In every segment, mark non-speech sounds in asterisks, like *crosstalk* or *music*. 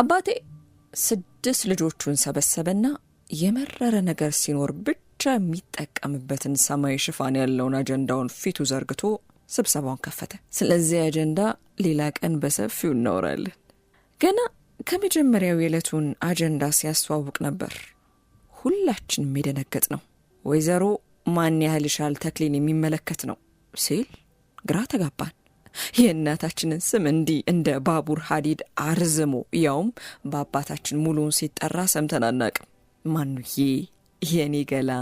አባቴ ስድስት ልጆቹን ሰበሰበና የመረረ ነገር ሲኖር ብቻ የሚጠቀምበትን ሰማያዊ ሽፋን ያለውን አጀንዳውን ፊቱ ዘርግቶ ስብሰባውን ከፈተ። ስለዚህ አጀንዳ ሌላ ቀን በሰፊው እናወራለን። ገና ከመጀመሪያው የዕለቱን አጀንዳ ሲያስተዋውቅ ነበር ሁላችንም የደነገጥ ነው። ወይዘሮ ማን ያህል ሻል ተክሊን የሚመለከት ነው ሲል ግራ ተጋባን። የእናታችንን ስም እንዲህ እንደ ባቡር ሀዲድ አርዝሞ ያውም በአባታችን ሙሉውን ሲጠራ ሰምተን አናቅም። ማኑዬ የኔ ገላ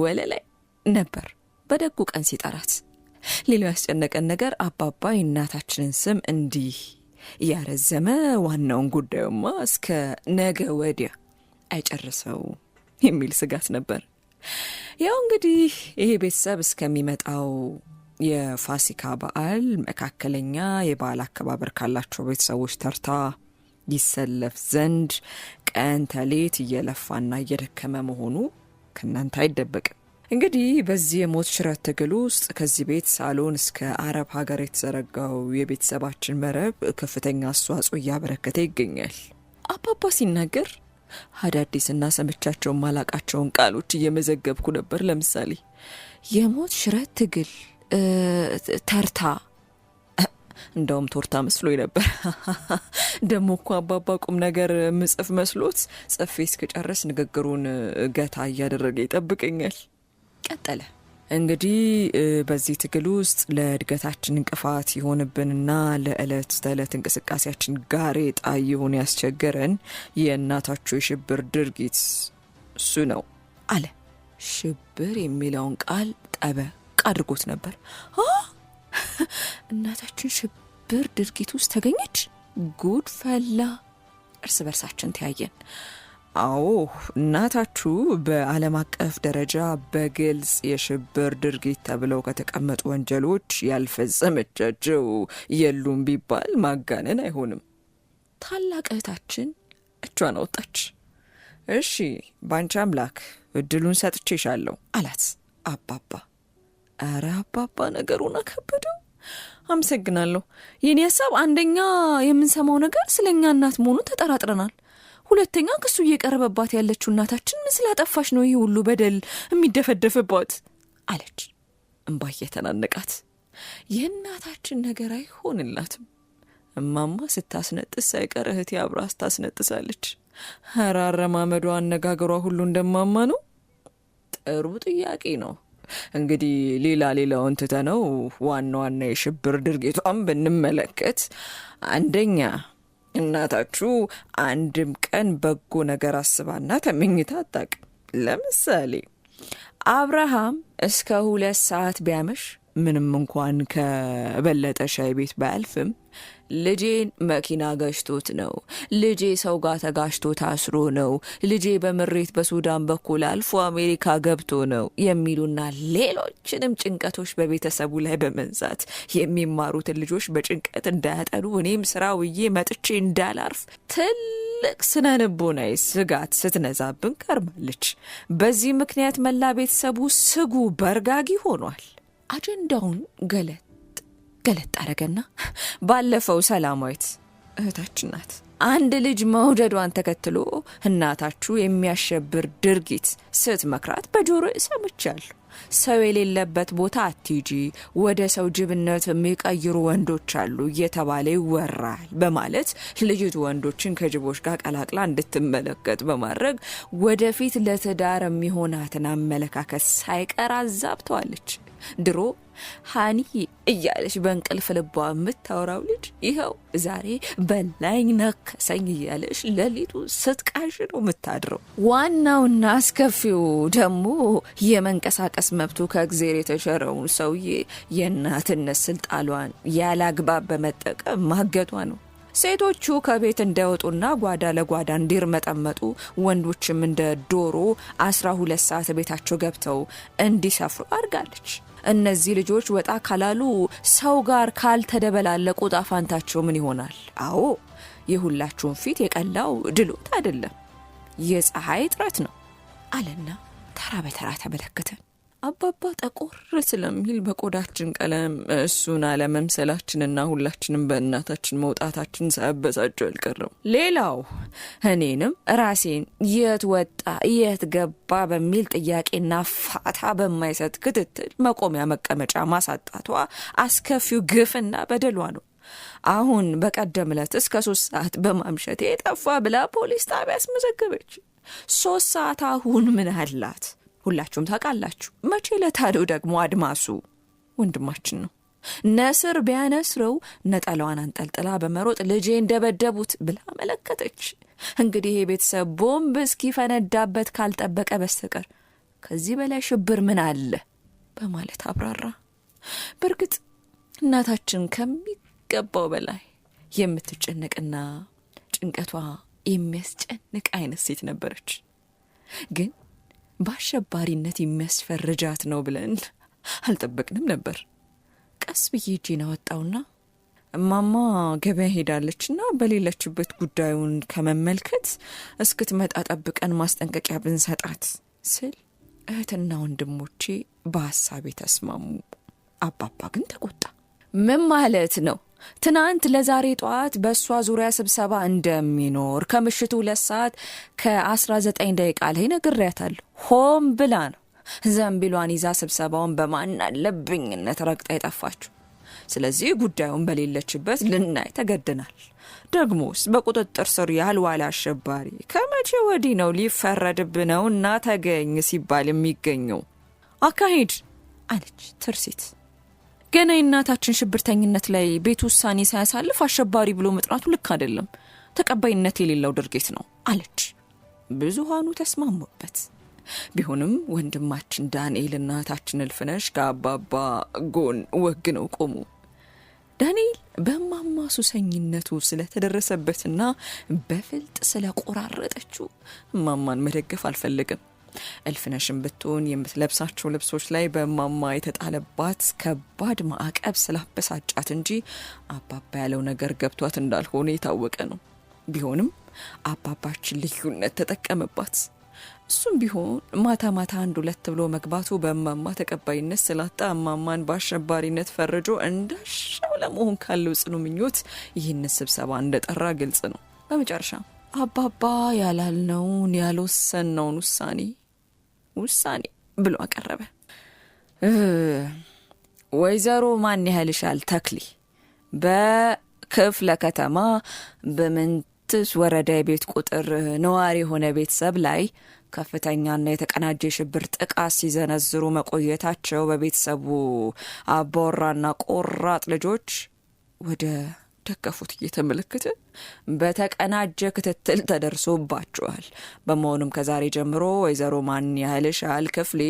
ወለላይ ነበር በደጉ ቀን ሲጠራት። ሌላው ያስጨነቀን ነገር አባባ የእናታችንን ስም እንዲህ ያረዘመ ዋናውን ጉዳዩማ እስከ ነገ ወዲያ አይጨርሰው የሚል ስጋት ነበር። ያው እንግዲህ ይሄ ቤተሰብ እስከሚመጣው የፋሲካ በዓል መካከለኛ የበዓል አከባበር ካላቸው ቤተሰቦች ተርታ ይሰለፍ ዘንድ ቀን ተሌት እየለፋና እየደከመ መሆኑ ከእናንተ አይደበቅም። እንግዲህ በዚህ የሞት ሽረት ትግል ውስጥ ከዚህ ቤት ሳሎን እስከ አረብ ሀገር የተዘረጋው የቤተሰባችን መረብ ከፍተኛ አስተዋጽኦ እያበረከተ ይገኛል። አባባ ሲናገር አዳዲስና ሰምቻቸውን ማላቃቸውን ቃሎች እየመዘገብኩ ነበር። ለምሳሌ የሞት ሽረት ትግል ተርታ እንደውም ቶርታ መስሎ ነበር። *laughs* ደሞ እኮ አባባ ቁም ነገር ምጽፍ መስሎት ጽፌ እስክጨርስ ንግግሩን ገታ እያደረገ ይጠብቀኛል። ቀጠለ። እንግዲህ በዚህ ትግል ውስጥ ለእድገታችን እንቅፋት የሆንብንና ለዕለት ተዕለት እንቅስቃሴያችን ጋሬጣ የሆን ያስቸገረን የእናታችሁ የሽብር ድርጊት እሱ ነው አለ። ሽብር የሚለውን ቃል ጠበ አድርጎት ነበር። እናታችን ሽብር ድርጊት ውስጥ ተገኘች። ጉድ ፈላ። እርስ በርሳችን ተያየን። አዎ እናታችሁ በዓለም አቀፍ ደረጃ በግልጽ የሽብር ድርጊት ተብለው ከተቀመጡ ወንጀሎች ያልፈጸመቻቸው የሉም ቢባል ማጋነን አይሆንም። ታላቅ እህታችን እጇን አወጣች። እሺ ባንቺ አምላክ እድሉን ሰጥቼሻለሁ አላት አባባ እረ አባባ ነገሩን አከበደው። አመሰግናለሁ። የኔ ሀሳብ አንደኛ የምንሰማው ነገር ስለ እኛ እናት መሆኑን ተጠራጥረናል። ሁለተኛ ክሱ እየቀረበባት ያለችው እናታችን ምን ስላጠፋሽ ነው ይህ ሁሉ በደል የሚደፈደፍባት? አለች እምባ እየተናነቃት። የእናታችን ነገር አይሆንላትም። እማማ ስታስነጥስ ሳይቀር እህቴ አብራስ ታስነጥሳለች ኧረ አረማመዷ፣ አነጋገሯ ሁሉ እንደማማ ነው። ጥሩ ጥያቄ ነው እንግዲህ ሌላ ሌላውን ነው ዋና ዋና የሽብር ድርጊቷን ብንመለከት አንደኛ እናታችሁ አንድም ቀን በጎ ነገር አስባና ተመኝታ አታውቅም። ለምሳሌ አብርሃም እስከ ሁለት ሰዓት ቢያመሽ ምንም እንኳን ከበለጠ ሻይ ቤት ባያልፍም ልጄን መኪና ገሽቶት ነው። ልጄ ሰው ጋር ተጋሽቶ ታስሮ ነው። ልጄ በምሬት በሱዳን በኩል አልፎ አሜሪካ ገብቶ ነው የሚሉና ሌሎችንም ጭንቀቶች በቤተሰቡ ላይ በመንዛት የሚማሩትን ልጆች በጭንቀት እንዳያጠኑ እኔም ስራ ውዬ መጥቼ እንዳላርፍ ትልቅ ስነ ልቦናዊ ስጋት ስትነዛብን ከርማለች። በዚህ ምክንያት መላ ቤተሰቡ ስጉ በርጋጊ ሆኗል። አጀንዳውን ገለ ገለጥ አረገና ባለፈው ሰላማዊት እህታችን ናት አንድ ልጅ መውደዷን ተከትሎ እናታችሁ የሚያሸብር ድርጊት ስትመክራት በጆሮ ሰምቻለሁ። ሰው የሌለበት ቦታ አትጂ፣ ወደ ሰው ጅብነት የሚቀይሩ ወንዶች አሉ እየተባለ ይወራል በማለት ልጅቱ ወንዶችን ከጅቦች ጋር ቀላቅላ እንድትመለከት በማድረግ ወደፊት ለትዳር የሚሆናትን አመለካከት ሳይቀር አዛብተዋለች። ድሮ ሀኒ እያለች በእንቅልፍ ልቧ የምታወራው ልጅ ይኸው ዛሬ በላኝ ነከሰኝ እያለች ለሊቱ ስትቃዥ ነው የምታድረው። ዋናውና አስከፊው ደግሞ የመንቀሳቀስ መብቱ ከእግዜር የተቸረውን ሰውዬ የእናትነት ስልጣሏን ያለ አግባብ በመጠቀም ማገቷ ነው። ሴቶቹ ከቤት እንዳይወጡና ጓዳ ለጓዳ እንዲርመጠመጡ ወንዶችም እንደ ዶሮ አስራ ሁለት ሰዓት ቤታቸው ገብተው እንዲሰፍሩ አድርጋለች። እነዚህ ልጆች ወጣ ካላሉ ሰው ጋር ካልተደበላለቁ ጣፋንታቸው ምን ይሆናል? አዎ የሁላችሁን ፊት የቀላው ድሎት አይደለም፣ የፀሐይ ጥረት ነው አለና ተራ በተራ ተመለከተን። አባባ ጠቆር ስለሚል በቆዳችን ቀለም እሱን አለመምሰላችንና ሁላችንም በእናታችን መውጣታችን ሳያበሳጨው አልቀረም። ሌላው እኔንም ራሴን የት ወጣ የት ገባ በሚል ጥያቄና ፋታ በማይሰጥ ክትትል መቆሚያ መቀመጫ ማሳጣቷ አስከፊው ግፍና በደሏ ነው። አሁን በቀደም ዕለት እስከ ሶስት ሰዓት በማምሸቴ የጠፋ ብላ ፖሊስ ጣቢያ አስመዘገበች። ሶስት ሰዓት አሁን ምን አላት? ሁላችሁም ታውቃላችሁ። መቼ ለታዲው ደግሞ አድማሱ ወንድማችን ነው። ነስር ቢያነስረው ነጠላዋን አንጠልጥላ በመሮጥ ልጄ እንደበደቡት ብላ መለከተች። እንግዲህ ይሄ ቤተሰብ ቦምብ እስኪፈነዳበት ካልጠበቀ በስተቀር ከዚህ በላይ ሽብር ምን አለ በማለት አብራራ። በእርግጥ እናታችን ከሚገባው በላይ የምትጨነቅና ጭንቀቷ የሚያስጨንቅ አይነት ሴት ነበረች ግን በአሸባሪነት የሚያስፈርጃት ነው ብለን አልጠበቅንም ነበር። ቀስ ብዬ እጄን አወጣውና እማማ ገበያ ሄዳለችና በሌለችበት ጉዳዩን ከመመልከት እስክትመጣ ጠብቀን ማስጠንቀቂያ ብንሰጣት ስል እህትና ወንድሞቼ በሀሳቤ ተስማሙ። አባባ ግን ተቆጣ። ምን ማለት ነው? ትናንት ለዛሬ ጠዋት በእሷ ዙሪያ ስብሰባ እንደሚኖር ከምሽቱ ሁለት ሰዓት ከ19 ደቂቃ ላይ ነግሬያታለሁ። ሆም ብላ ነው ዘንቢሏን ይዛ ስብሰባውን በማናለብኝነት ረግጣ የጠፋችው። ስለዚህ ጉዳዩን በሌለችበት ልናይ ተገድናል። ደግሞስ በቁጥጥር ስር ያልዋለ አሸባሪ ከመቼ ወዲህ ነው ሊፈረድብ ነው እና ተገኝ ሲባል የሚገኘው አካሄድ አለች ትርሲት። ገና የእናታችን ሽብርተኝነት ላይ ቤት ውሳኔ ሳያሳልፍ አሸባሪ ብሎ መጥራቱ ልክ አይደለም፣ ተቀባይነት የሌለው ድርጊት ነው አለች። ብዙሃኑ ተስማሙበት። ቢሆንም ወንድማችን ዳንኤል እናታችን እልፍነሽ ከአባባ ጎን ወግ ነው ቆሙ። ዳንኤል በማማ ሱሰኝነቱ ስለተደረሰበትና በፍልጥ ስለቆራረጠችው ማማን መደገፍ አልፈለግም። እልፍነሽን ብትሆን የምትለብሳቸው ልብሶች ላይ በማማ የተጣለባት ከባድ ማዕቀብ ስላበሳጫት እንጂ አባባ ያለው ነገር ገብቷት እንዳልሆነ የታወቀ ነው። ቢሆንም አባባችን ልዩነት ተጠቀመባት። እሱም ቢሆን ማታ ማታ አንድ ሁለት ብሎ መግባቱ በእማማ ተቀባይነት ስላጣ እማማን በአሸባሪነት ፈርጆ እንዳሻው ለመሆን ካለው ጽኑ ምኞት ይህንን ስብሰባ እንደጠራ ግልጽ ነው። በመጨረሻ አባባ ያላልነውን ያልወሰንነውን ውሳኔ ውሳኔ ብሎ አቀረበ። ወይዘሮ ማን ያህልሻል ተክሌ በክፍለ ከተማ በምንትስ ወረዳ የቤት ቁጥር ነዋሪ የሆነ ቤተሰብ ላይ ከፍተኛና የተቀናጀ የሽብር ጥቃት ሲዘነዝሩ መቆየታቸው በቤተሰቡ አባወራና ቆራጥ ልጆች ወደ ደገፉት እየተመለከተ በተቀናጀ ክትትል ተደርሶባቸዋል። በመሆኑም ከዛሬ ጀምሮ ወይዘሮ ማን ሻል ክፍሌ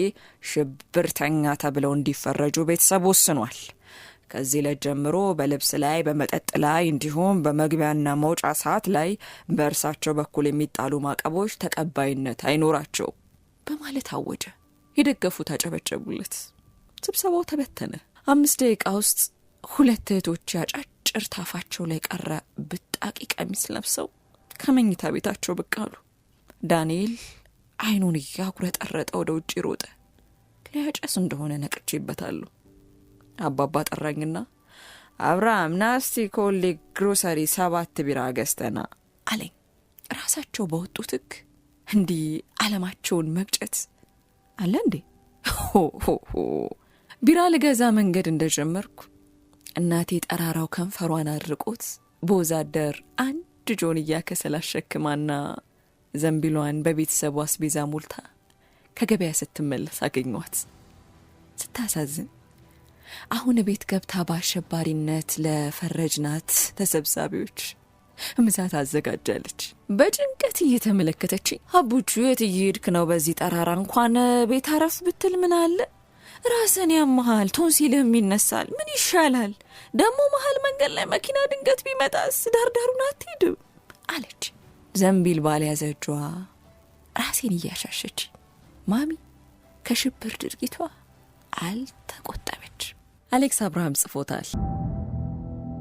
ሽብርተኛ ተብለው እንዲፈረጁ ቤተሰብ ወስኗል። ከዚህ ዕለት ጀምሮ በልብስ ላይ፣ በመጠጥ ላይ እንዲሁም በመግቢያና መውጫ ሰዓት ላይ በእርሳቸው በኩል የሚጣሉ ማዕቀቦች ተቀባይነት አይኖራቸው በማለት አወጀ። የደገፉ ታጨበጨቡለት። ስብሰባው ተበተነ። አምስት ደቂቃ ውስጥ ሁለት እህቶች ያጫጭ ጭርታፋቸው አፋቸው ላይ ቀረ ብጣቂ ቀሚስ ለብሰው ከመኝታ ቤታቸው ብቅ አሉ። ዳንኤል አይኑን እያጉረጠረጠ ወደ ውጭ ሮጠ። ሊያጨስ እንደሆነ ነቅቼበታለሁ። አባባ ጠራኝና አብርሃም ናስቲ ኮሌ ግሮሰሪ ሰባት ቢራ ገዝተና አለኝ። ራሳቸው በወጡት ሕግ እንዲህ አለማቸውን መግጨት አለ እንዴ! ቢራ ልገዛ መንገድ እንደጀመርኩ እናቴ ጠራራው ከንፈሯን አድርቆት በወዛደር አንድ ጆንያ ከሰል አሸክማና ዘንቢሏን በቤተሰቡ አስቤዛ ሞልታ ከገበያ ስትመለስ አገኟት። ስታሳዝን አሁን ቤት ገብታ በአሸባሪነት ለፈረጅናት ተሰብሳቢዎች ምሳት አዘጋጃለች። በጭንቀት እየተመለከተች አቡቹ የት እየሄድክ ነው? በዚህ ጠራራ እንኳን ቤት አረፍ ብትል ምን አለ ራስን ያመሃል፣ ቶንሲልህም ይነሳል። ምን ይሻላል ደግሞ መሀል መንገድ ላይ መኪና ድንገት ቢመጣስ? ዳርዳሩን አትሂድ አለች ዘንቢል ባልያዘ እጇ ራሴን እያሻሸች። ማሚ ከሽብር ድርጊቷ አልተቆጠበች። አሌክስ አብርሃም ጽፎታል።